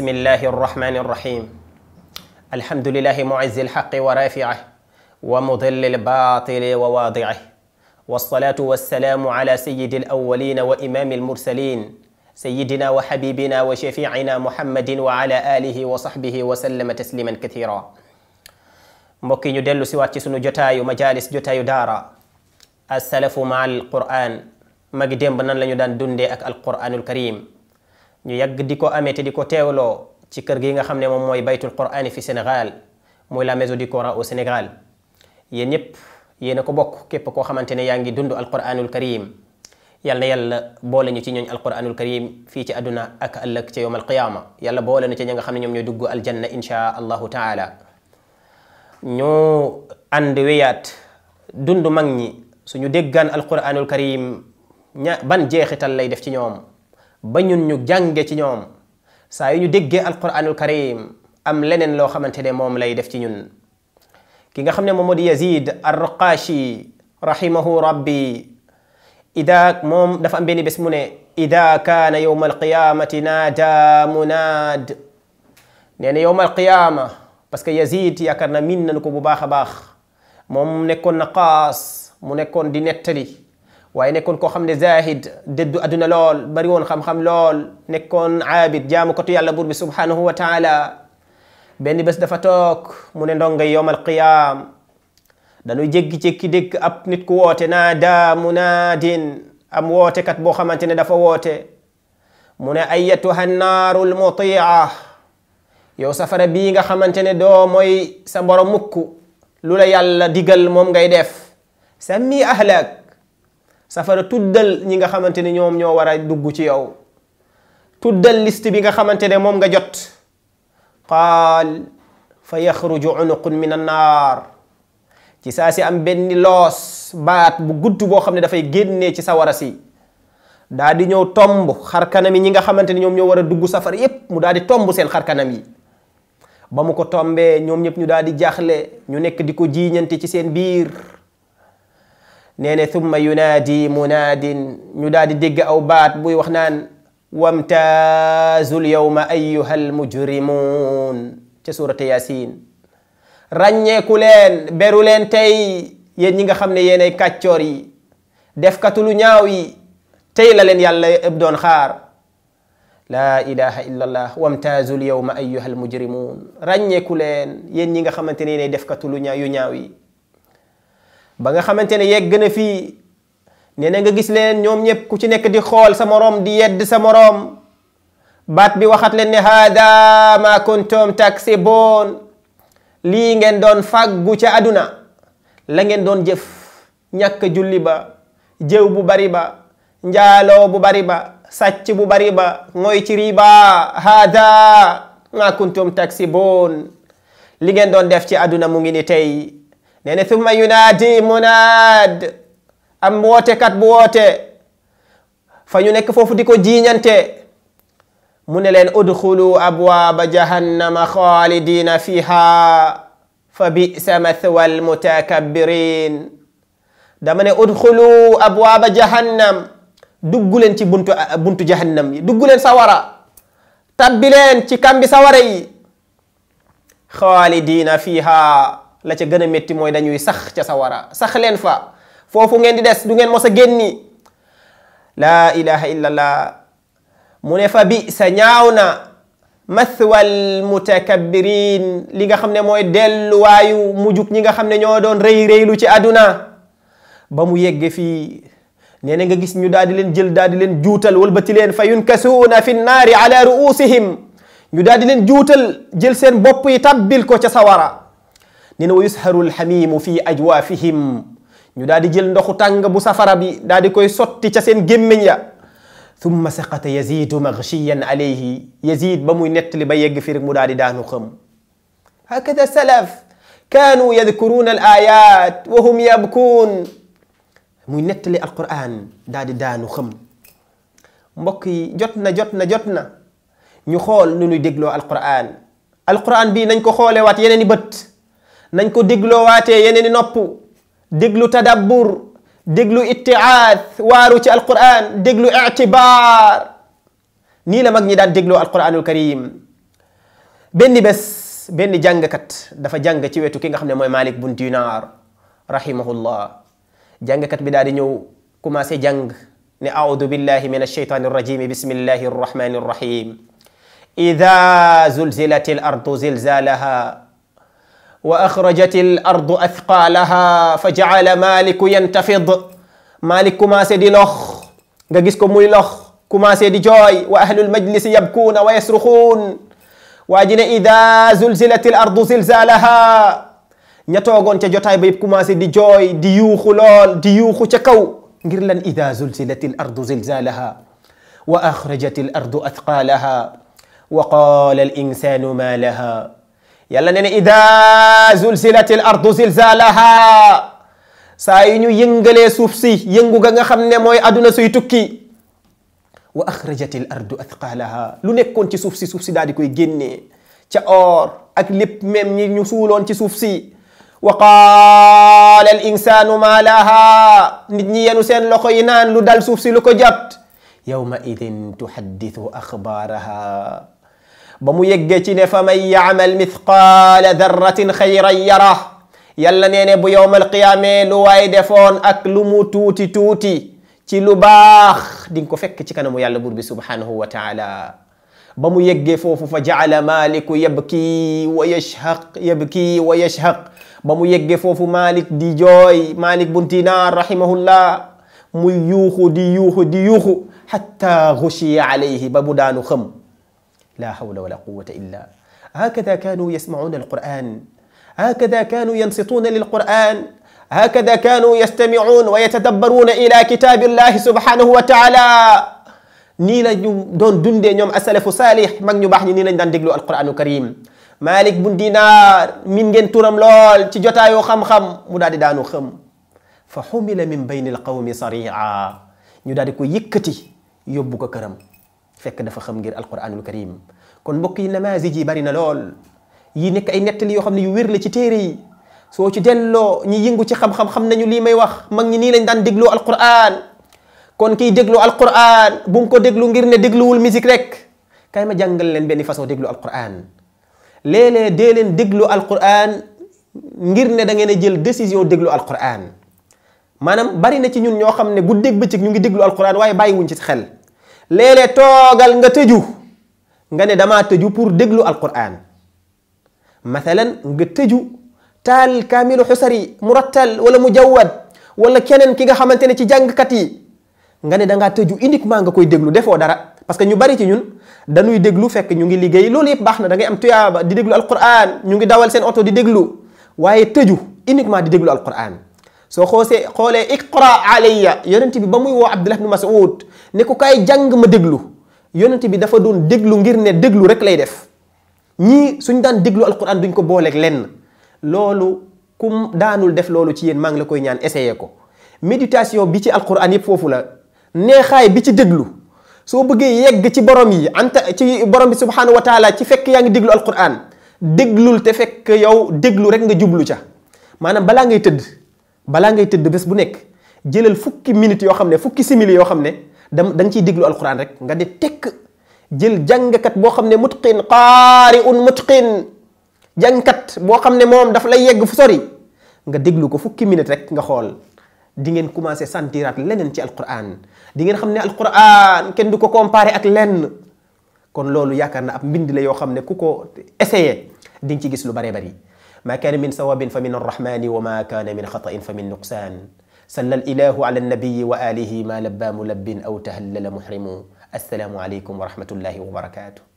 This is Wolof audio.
bismillahi arrahmani arrahim alhamdulilahi muizzi alxaqi wa rafi'ih wa mudilli albatili wa waadi'ih wassalatu wassalamu ala sayidi alawalina wa imami almursalin sayidina wa xabibina wa shafiina muhammadin wa ala alihi wa sahbihi wa sallama tasliman kathira mbokk yi ñu dellu si waat ci sunu jotaayu majalis jotaayu daara assalafu ma alquran magi démb nan la ñu daan dundee ak alquranul karim ñu yàgg di ko amee di ko teewloo ci kër gi nga xam ne moom mooy baytul qur'ani fi Sénégal muy la maison du Coran au Sénégal yéen ñëpp yéen a ko bokk képp koo xamante ne yaa ngi dund alquranul karim yal na yàlla boole ñu ci ñooñ alquranul karim fii ci àdduna ak ëllëg ca yowm alqiyaama yàlla boole ñu ci ñi nga xam ne ñoom ñooy dugg aljanna insha allahu taala ñu ànd weyaat dund mag ñi suñu déggaan alquranul karim ña ban jeexital lay def ci ñoom ba ñun ñu jànge ci ñoom saa yu ñu déggee alquranul karim am leneen loo xamante ne moom lay def ci ñun ki nga xam ne moom moo di yazid arraqashi rahimahu rabbi ida moom dafa am benn mu ne ida kaana yowma alqiyamati naada munaad nee na yowma alqiyama parce que yazid yaakaar na min nañu ko bu baax a baax moom nekkoon na mu nekkoon di nettali waaye nekkoon koo xam ne zahid dëddu adduna lool bari woon xam lool nekkoon aabid jaamu kotu yàlla buur bi subhanahu wa taala benn bés dafa toog mu ne ndonga yowmal qiyaam dañuy jékki-jékki dégg ab nit ku woote naa daa munaadin am wootekat boo xamante ne dafa woote mu ne ayatuha naaru lmutia yow safara bii nga xamante ne doo mooy sa borom mukk lu la yàlla digal moom ngay def sammi ahlak safara tuddal ñi nga xamante ni ñoom ñoo war a dugg ci yow tuddal liste bi nga xamante ne moom nga jot qaal fa yaxruju unuqun min annaar ci saa si am benn loos baat bu gudd boo xam ne dafay génnee ci sawara si daa di ñëw tomb kanam yi ñi nga xamante ni ñoom ñoo war a dugg safara yëpp mu daal di tomb seen xar kanam yi ba mu ko tombee ñoom ñëpp ñu daal di jaaxle ñu nekk di ko jiiñante ci seen biir nee ne thumma yunaadi munaadin ñu daal di dégg aw baat buy wax naan wamtaazul yawma ayyuha almujrimuun ca suurate yaasiin ràññeeku leen beru leen tey yéen ñi nga xam ne yéenay kàccoor yi defkatu lu ñaaw yi tey la leen yàlla ëb doon xaar laa ilaha illa allah wamtaazul yawma ayyuha almujrimuun ràññeeku leen yéen ñi nga xamante ne yéenay defkatu lu ñaaw yu ñaaw yi ba nga xamante ne yegg na fii nee nga gis leen ñoom ñëpp ku ci nekk di xool sa moroom di yedd sa moroom baat bi waxat leen ne haada ma kuntum taksiboon lii ngeen doon fàggu ca àdduna la ngeen doon jëf ñàkk julli ba bu bari bu bari bu bari mooy ci riba haada ngeen doon def ci àdduna mu ngi ni tey nee na summa yunaadi munaad am wootekat bu woote fa ñu nekk foofu di ko jiiñante mu ne leen udxulu abwaaba jahannama xaalidina fiha fa bisa mathwa almutakabirin dama ne udxulu abwaaba jahannam dugguleen ci buntu buntu jahannam yi dugguleen sawara tabbileen ci kambi sawara yi xaalidina fiha la ca gën a métti mooy dañuy sax ca sa sawara sax leen fa foofu ngeen di des du ngeen mos a génni laa ilaha illallah mu ne fa bi sa ñaaw na mathwal mutakabirin li nga xam ne mooy delluwaayu mujjug ñi nga xam ne ñoo doon rëy rëylu ci àdduna ba mu yegge fi nee na nga gis ñu daal di leen jël daal di leen juutal walbati leen fa yunkasuuna fi nnaari ala ruusihim ñu daal di leen juutal jël seen bopp yi tàbbil ko ca sa sawara nee na wa yusharu alxamimu fi ajwaafihim ñu daal di jël ndoxu tàng bu safara bi daal di koy sotti ca seen gémmiñ ya thumma saqata yazidu maghshiyan alayhi yazid ba muy nettali ba yegg fi mu daal di daanu xam hakada salaf kaanu yadkuruna al wa hum yabkuun muy nettali alquran daal daanu xam mbokk yi jot na jot na jot na ñu xool nu ñuy dégloo alquran alquran bii nañ ko xoolewaat yeneen i bët nañ ko dégloowaatee yeneeni nopp déglu tadabbur déglu ittiaat waaru ci alquran déglu ictibaar nii la mag ñi daan dégloo alquranul karim benn bés benn jàngkat dafa jàng ci wetu ki nga xam ne mooy Malik bun Dinar rahimahullah jàngkat bi daal di ñëw commencé jàng ne audu billahi min alshaytani arrajim bismillahi arrahmani arrahim ida zulzilati al ardu zilzalaha wa axrajatil ardu athqaalaha fa jaala maaliku yantafid maalik commencé di lox nga gis ko muy lox commencé di jooy wa ahlul majlisi yabkuuna wa yasruxuun waa ji ne ida zulzilatil ardu zilzaalaha ña toogoon ca jotaay ba yëpp commencé di jooy di yuuxu lool di yuuxu ca kaw ngir lan ida zulzilatil ardu zilzaalaha wa axrajatil ardu athqaalaha wa qaala al insaanu maa laha yàlla nee na ida zulzilatil ardu zilzalaha saa yu ñu yëngalee suuf si yëngu ga nga xam ne mooy aduna suy tukki wa axrajatil ardu athqalaha lu nekkoon ci suuf si suuf si daal di koy génnee ca or ak lépp même ni ñu suuloon ci suuf si wa qaala al insaanu maa laha nit ñi yenu seen loxo yi naan lu dal suuf si lu ko jàpp yawma idin tuhaddithu axbaaraha ba mu yeggee ci ne fa man yaamal mithqaala darratin xayran yara yàlla nee ne bu yowmal qiyaamee lu waay defoon ak lu mu tuuti tuuti ci lu baax di nga ko fekk ci kanamu yàlla buur bi subhanahu wa taala ba mu yeggee foofu fa jaala maaliku yabki wa yashhaq yabki wa yashhaq ba mu yeggee foofu malik di jooy malik bun dinaar rahimahullah muy yuuxu di yuuxu di yuuxu xatta xushiya alayhi ba mu daanu xëm لا حول ولا قوة إلا هكذا كانوا يسمعون القرآن هكذا كانوا ينصتون للقرآن هكذا كانوا يستمعون ويتدبرون إلى كتاب الله سبحانه وتعالى nii la ñu doon dundee ñoom asalafu saalix mag ñu baax ñi nii lañ daan déglu alquranu karim malik bun dinaar min ngeen turam lool ci jotaayu xam-xam mu daal di daanu xëm fa xumila min bayni alqawmi saria ñu daal di ko yëkkati yóbbu ko këram fekk dafa xam ngir alquranul karim kon mbokk yi namaasij yi bari na lool yi nekk ay nettali yoo xam ne yu wér la ci téere soo ci delloo ñi yëngu ci xam-xam xam nañu lii may wax mag ñi nii lañ daan dégloo alquran kon kiy déglu alquran bu mu ko déglu ngir ne dégluwul musique rek kay ma jàngal leen benn façon déglu alquran léeg leen déglu alquran ngir ne da ngeen a jël décision déglu alquran maanaam bari na ci ñun ñoo xam ne guddeeg bëccëg ñu ngi déglu alquran waaye bàyyiwuñ ci xel léeg-léeg toogal nga tëju nga ne damaa tëju pour déglu alquran mathalan nga tëju taal kaamilu xusari murattal wala mujawad wala keneen ki nga xamante ne ci jàngkat yi nga ne da ngaa tëju uniquement nga koy déglu defoo dara parce que ñu bari ci ñun danuy déglu fekk ñu ngi liggéey loolu yëpp baax na da ngay am tuyaaba di al alquran ñu ngi dawal seen oto di déglu waaye tëju uniquement di déglu alquran soo xoosee xoolee iqra alayya yonent bi ba muy woo Abdullah ibn Mas'ud ne ko kaay jàng ma déglu yonent bi dafa doon déglu ngir ne déglu rek lay def ñii suñ daan déglu alquran duñ ko booleeg lenn loolu kum daanul def loolu ci yéen maa ngi la koy ñaan essayer ko méditation bi ci alquran yëpp foofu la neexaay bi ci déglu soo bëggee yegg ci borom yi anta ci borom bi subhanahu wa taala ci fekk yaa ngi déglu alquran déglul te fekk yow déglu rek nga jublu ca maanaam balaa ngay tëdd balaa ngay tëdd bés bu nekk jëlal fukki minutes yoo xam ne fukki simili yoo xam ne da da nga ciy déglu alquran rek nga de tekk jël jàngkat boo xam ne mutqin qaari'un mutqin jàngkat boo xam ne moom daf lay yegg fu sori nga déglu ko fukki minutes rek nga xool di ngeen commencé sentiraat leneen ci alquran di ngeen xam ne alquran kenn du ko comparé ak lenn kon loolu yaakaar na ab mbind la yoo xam ne ku ko essayé di ci gis lu baree bari ما كان من ثواب فمن الرحمن وما كان من خطأ فمن نقصان صلى الإله على النبي وآله ما لبى ملب أو تهلل محرم السلام عليكم ورحمة الله وبركاته